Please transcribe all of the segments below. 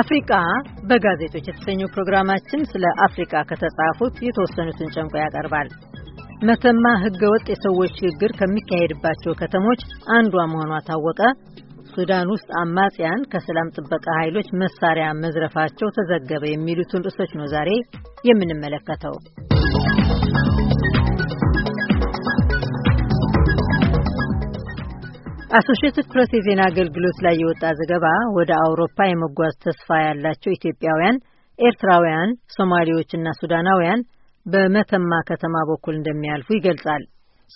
አፍሪቃ በጋዜጦች የተሰኘው ፕሮግራማችን ስለ አፍሪቃ ከተጻፉት የተወሰኑትን ጨምቆ ያቀርባል። መተማ ህገወጥ የሰዎች ሽግግር ከሚካሄድባቸው ከተሞች አንዷ መሆኗ ታወቀ፣ ሱዳን ውስጥ አማጽያን ከሰላም ጥበቃ ኃይሎች መሳሪያ መዝረፋቸው ተዘገበ፣ የሚሉትን ርዕሶች ነው ዛሬ የምንመለከተው። አሶሺየትድ ፕሬስ የዜና አገልግሎት ላይ የወጣ ዘገባ ወደ አውሮፓ የመጓዝ ተስፋ ያላቸው ኢትዮጵያውያን፣ ኤርትራውያን፣ ሶማሌዎችና ሱዳናውያን በመተማ ከተማ በኩል እንደሚያልፉ ይገልጻል።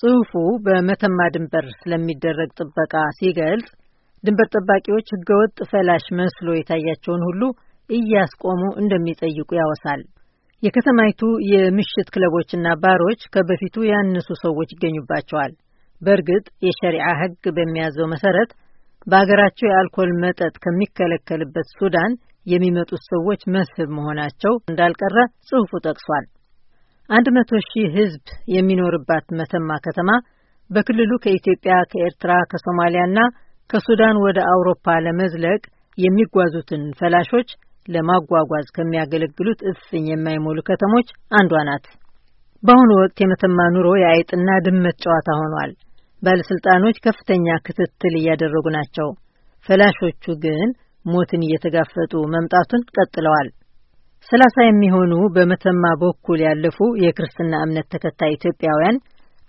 ጽሑፉ በመተማ ድንበር ስለሚደረግ ጥበቃ ሲገልጽ ድንበር ጠባቂዎች ህገወጥ ፈላሽ መስሎ የታያቸውን ሁሉ እያስቆሙ እንደሚጠይቁ ያወሳል። የከተማይቱ የምሽት ክለቦችና ባሮች ከበፊቱ ያነሱ ሰዎች ይገኙባቸዋል። በእርግጥ የሸሪዓ ሕግ በሚያዘው መሰረት በአገራቸው የአልኮል መጠጥ ከሚከለከልበት ሱዳን የሚመጡት ሰዎች መስህብ መሆናቸው እንዳልቀረ ጽሑፉ ጠቅሷል። አንድ መቶ ሺህ ሕዝብ የሚኖርባት መተማ ከተማ በክልሉ ከኢትዮጵያ፣ ከኤርትራ፣ ከሶማሊያና ከሱዳን ወደ አውሮፓ ለመዝለቅ የሚጓዙትን ፈላሾች ለማጓጓዝ ከሚያገለግሉት እፍኝ የማይሞሉ ከተሞች አንዷ ናት። በአሁኑ ወቅት የመተማ ኑሮ የአይጥና ድመት ጨዋታ ሆኗል። ባለስልጣኖች ከፍተኛ ክትትል እያደረጉ ናቸው። ፈላሾቹ ግን ሞትን እየተጋፈጡ መምጣቱን ቀጥለዋል። ሰላሳ የሚሆኑ በመተማ በኩል ያለፉ የክርስትና እምነት ተከታይ ኢትዮጵያውያን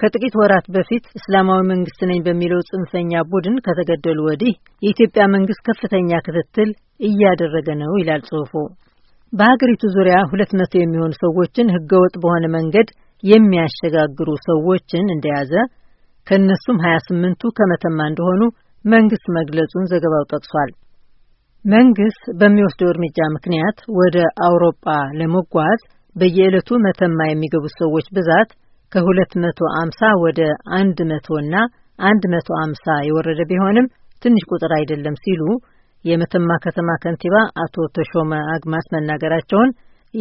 ከጥቂት ወራት በፊት እስላማዊ መንግስት ነኝ በሚለው ጽንፈኛ ቡድን ከተገደሉ ወዲህ የኢትዮጵያ መንግስት ከፍተኛ ክትትል እያደረገ ነው ይላል ጽሑፉ። በሀገሪቱ ዙሪያ ሁለት መቶ የሚሆኑ ሰዎችን ህገወጥ በሆነ መንገድ የሚያሸጋግሩ ሰዎችን እንደያዘ ከእነሱም 28ቱ ከመተማ እንደሆኑ መንግስት መግለጹን ዘገባው ጠቅሷል። መንግስት በሚወስደው እርምጃ ምክንያት ወደ አውሮጳ ለመጓዝ በየዕለቱ መተማ የሚገቡት ሰዎች ብዛት ከ250 ወደ 100 እና 150 የወረደ ቢሆንም ትንሽ ቁጥር አይደለም ሲሉ የመተማ ከተማ ከንቲባ አቶ ተሾመ አግማስ መናገራቸውን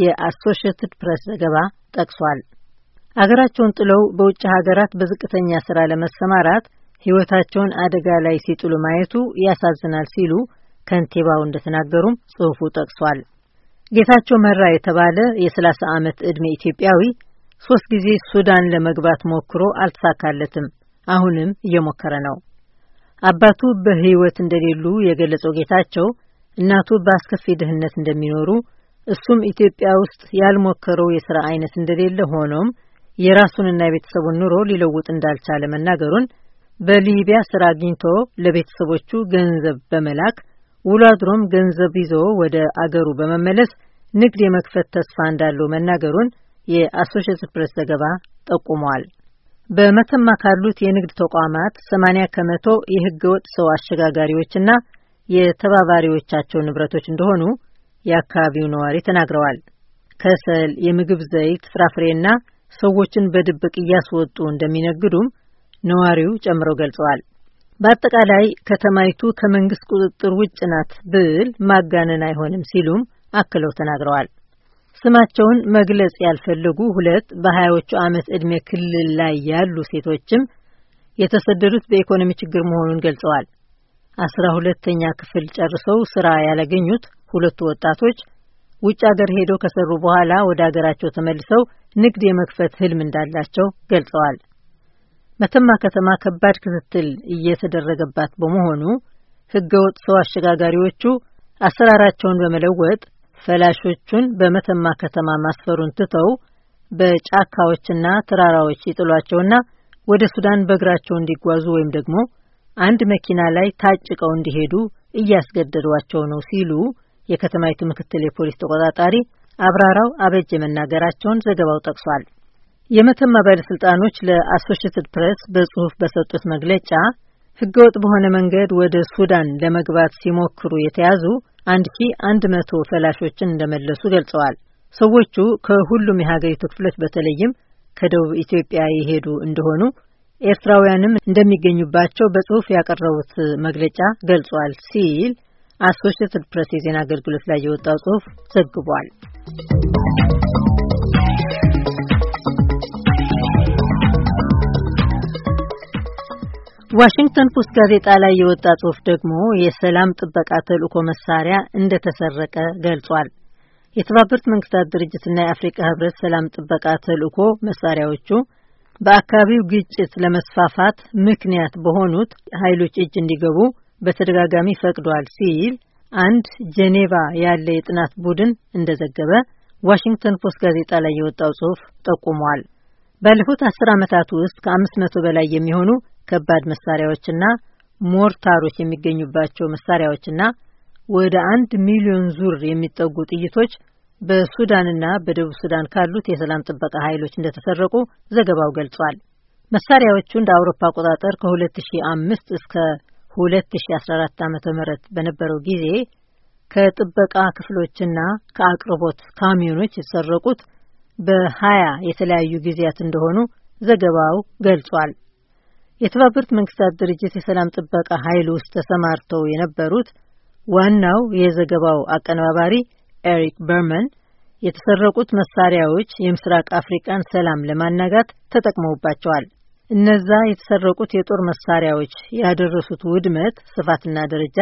የአሶሺየትድ ፕሬስ ዘገባ ጠቅሷል። አገራቸውን ጥለው በውጭ ሀገራት በዝቅተኛ ስራ ለመሰማራት ህይወታቸውን አደጋ ላይ ሲጥሉ ማየቱ ያሳዝናል ሲሉ ከንቲባው እንደተናገሩም ጽሑፉ ጠቅሷል። ጌታቸው መራ የተባለ የ30 ዓመት ዕድሜ ኢትዮጵያዊ ሶስት ጊዜ ሱዳን ለመግባት ሞክሮ አልተሳካለትም። አሁንም እየሞከረ ነው። አባቱ በህይወት እንደሌሉ የገለጸው ጌታቸው እናቱ በአስከፊ ድህነት እንደሚኖሩ እሱም ኢትዮጵያ ውስጥ ያልሞከረው የሥራ አይነት እንደሌለ ሆኖም የራሱንና የቤተሰቡን ኑሮ ሊለውጥ እንዳልቻለ መናገሩን በሊቢያ ስራ አግኝቶ ለቤተሰቦቹ ገንዘብ በመላክ ውሎ አድሮም ገንዘብ ይዞ ወደ አገሩ በመመለስ ንግድ የመክፈት ተስፋ እንዳለው መናገሩን የአሶሺየትድ ፕሬስ ዘገባ ጠቁሟል። በመተማ ካሉት የንግድ ተቋማት 80 ከመቶ የህገወጥ ሰው አሸጋጋሪዎችና የተባባሪዎቻቸው ንብረቶች እንደሆኑ የአካባቢው ነዋሪ ተናግረዋል። ከሰል፣ የምግብ ዘይት፣ ፍራፍሬና ሰዎችን በድብቅ እያስወጡ እንደሚነግዱም ነዋሪው ጨምረው ገልጸዋል። በአጠቃላይ ከተማይቱ ከመንግስት ቁጥጥር ውጭ ናት ብል ማጋነን አይሆንም ሲሉም አክለው ተናግረዋል። ስማቸውን መግለጽ ያልፈለጉ ሁለት በሀያዎቹ ዓመት ዕድሜ ክልል ላይ ያሉ ሴቶችም የተሰደዱት በኢኮኖሚ ችግር መሆኑን ገልጸዋል። አስራ ሁለተኛ ክፍል ጨርሰው ስራ ያላገኙት ሁለቱ ወጣቶች ውጭ አገር ሄደው ከሰሩ በኋላ ወደ አገራቸው ተመልሰው ንግድ የመክፈት ህልም እንዳላቸው ገልጸዋል። መተማ ከተማ ከባድ ክትትል እየተደረገባት በመሆኑ ህገወጥ ሰው አሸጋጋሪዎቹ አሰራራቸውን በመለወጥ ፈላሾቹን በመተማ ከተማ ማስፈሩን ትተው በጫካዎችና ተራራዎች ይጥሏቸውና ወደ ሱዳን በእግራቸው እንዲጓዙ ወይም ደግሞ አንድ መኪና ላይ ታጭቀው እንዲሄዱ እያስገደዷቸው ነው ሲሉ የከተማይቱ ምክትል የፖሊስ ተቆጣጣሪ አብራራው አበጀ መናገራቸውን ዘገባው ጠቅሷል። የመተማ ባለስልጣኖች ለአሶሽትድ ፕሬስ በጽሑፍ በሰጡት መግለጫ ህገወጥ በሆነ መንገድ ወደ ሱዳን ለመግባት ሲሞክሩ የተያዙ 1100 ፈላሾችን እንደመለሱ ገልጸዋል። ሰዎቹ ከሁሉም የሀገሪቱ ክፍሎች በተለይም ከደቡብ ኢትዮጵያ የሄዱ እንደሆኑ ኤርትራውያንም እንደሚገኙባቸው በጽሑፍ ያቀረቡት መግለጫ ገልጿል ሲል አሶሺየትድ ፕሬስ የዜና አገልግሎት ላይ የወጣው ጽሑፍ ዘግቧል። ዋሽንግተን ፖስት ጋዜጣ ላይ የወጣ ጽሑፍ ደግሞ የሰላም ጥበቃ ተልእኮ መሳሪያ እንደተሰረቀ ገልጿል። የተባበሩት መንግስታት ድርጅትና የአፍሪካ ህብረት ሰላም ጥበቃ ተልእኮ መሳሪያዎቹ በአካባቢው ግጭት ለመስፋፋት ምክንያት በሆኑት ኃይሎች እጅ እንዲገቡ በተደጋጋሚ ፈቅዷል ሲል አንድ ጄኔቫ ያለ የጥናት ቡድን እንደዘገበ ዋሽንግተን ፖስት ጋዜጣ ላይ የወጣው ጽሑፍ ጠቁሟል። ባለፉት አስር ዓመታት ውስጥ ከአምስት መቶ በላይ የሚሆኑ ከባድ መሳሪያዎችና ሞርታሮች የሚገኙባቸው መሳሪያዎችና ወደ አንድ ሚሊዮን ዙር የሚጠጉ ጥይቶች በሱዳንና በደቡብ ሱዳን ካሉት የሰላም ጥበቃ ኃይሎች እንደተሰረቁ ዘገባው ገልጿል። መሳሪያዎቹ እንደ አውሮፓ አቆጣጠር ከ2005 እስከ 2014 ዓ.ም በነበረው ጊዜ ከጥበቃ ክፍሎችና ከአቅርቦት ካሚዮኖች የተሰረቁት በ20 የተለያዩ ጊዜያት እንደሆኑ ዘገባው ገልጿል። የተባበሩት መንግስታት ድርጅት የሰላም ጥበቃ ኃይል ውስጥ ተሰማርተው የነበሩት ዋናው የዘገባው አቀነባባሪ ኤሪክ በርመን የተሰረቁት መሳሪያዎች የምስራቅ አፍሪቃን ሰላም ለማናጋት ተጠቅመውባቸዋል። እነዛ የተሰረቁት የጦር መሳሪያዎች ያደረሱት ውድመት ስፋትና ደረጃ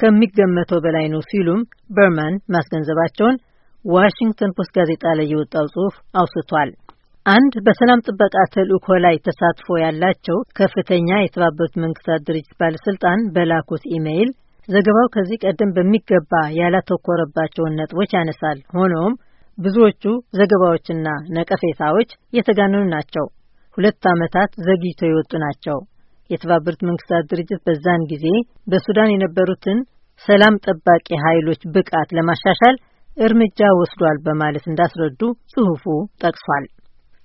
ከሚገመተው በላይ ነው ሲሉም በርማን ማስገንዘባቸውን ዋሽንግተን ፖስት ጋዜጣ ላይ የወጣው ጽሑፍ አውስቷል። አንድ በሰላም ጥበቃ ተልእኮ ላይ ተሳትፎ ያላቸው ከፍተኛ የተባበሩት መንግስታት ድርጅት ባለስልጣን በላኩት ኢሜይል ዘገባው ከዚህ ቀደም በሚገባ ያላተኮረባቸውን ነጥቦች ያነሳል። ሆኖም ብዙዎቹ ዘገባዎችና ነቀፌታዎች የተጋነኑ ናቸው። ሁለት ዓመታት ዘግይተው የወጡ ናቸው። የተባበሩት መንግስታት ድርጅት በዛን ጊዜ በሱዳን የነበሩትን ሰላም ጠባቂ ኃይሎች ብቃት ለማሻሻል እርምጃ ወስዷል በማለት እንዳስረዱ ጽሑፉ ጠቅሷል።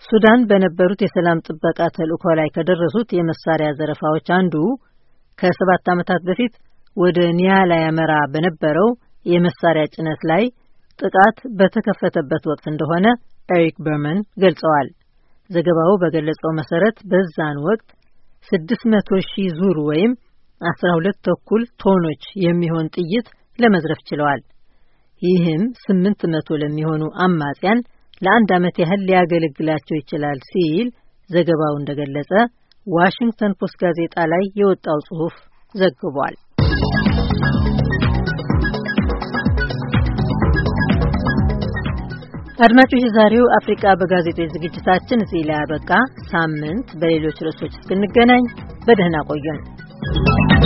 ሱዳን በነበሩት የሰላም ጥበቃ ተልእኮ ላይ ከደረሱት የመሳሪያ ዘረፋዎች አንዱ ከሰባት ዓመታት በፊት ወደ ኒያላ ያመራ በነበረው የመሳሪያ ጭነት ላይ ጥቃት በተከፈተበት ወቅት እንደሆነ ኤሪክ በርመን ገልጸዋል። ዘገባው በገለጸው መሰረት በዛን ወቅት 600 ሺህ ዙር ወይም 12 ተኩል ቶኖች የሚሆን ጥይት ለመዝረፍ ችለዋል። ይህም 800 ለሚሆኑ አማጽያን ለአንድ ዓመት ያህል ሊያገለግላቸው ይችላል ሲል ዘገባው እንደገለጸ ዋሽንግተን ፖስት ጋዜጣ ላይ የወጣው ጽሑፍ ዘግቧል። አድማጮች፣ የዛሬው አፍሪቃ በጋዜጦች ዝግጅታችን እዚህ ላይ አበቃ። ሳምንት በሌሎች ርዕሶች እስክንገናኝ በደህና ቆዩን።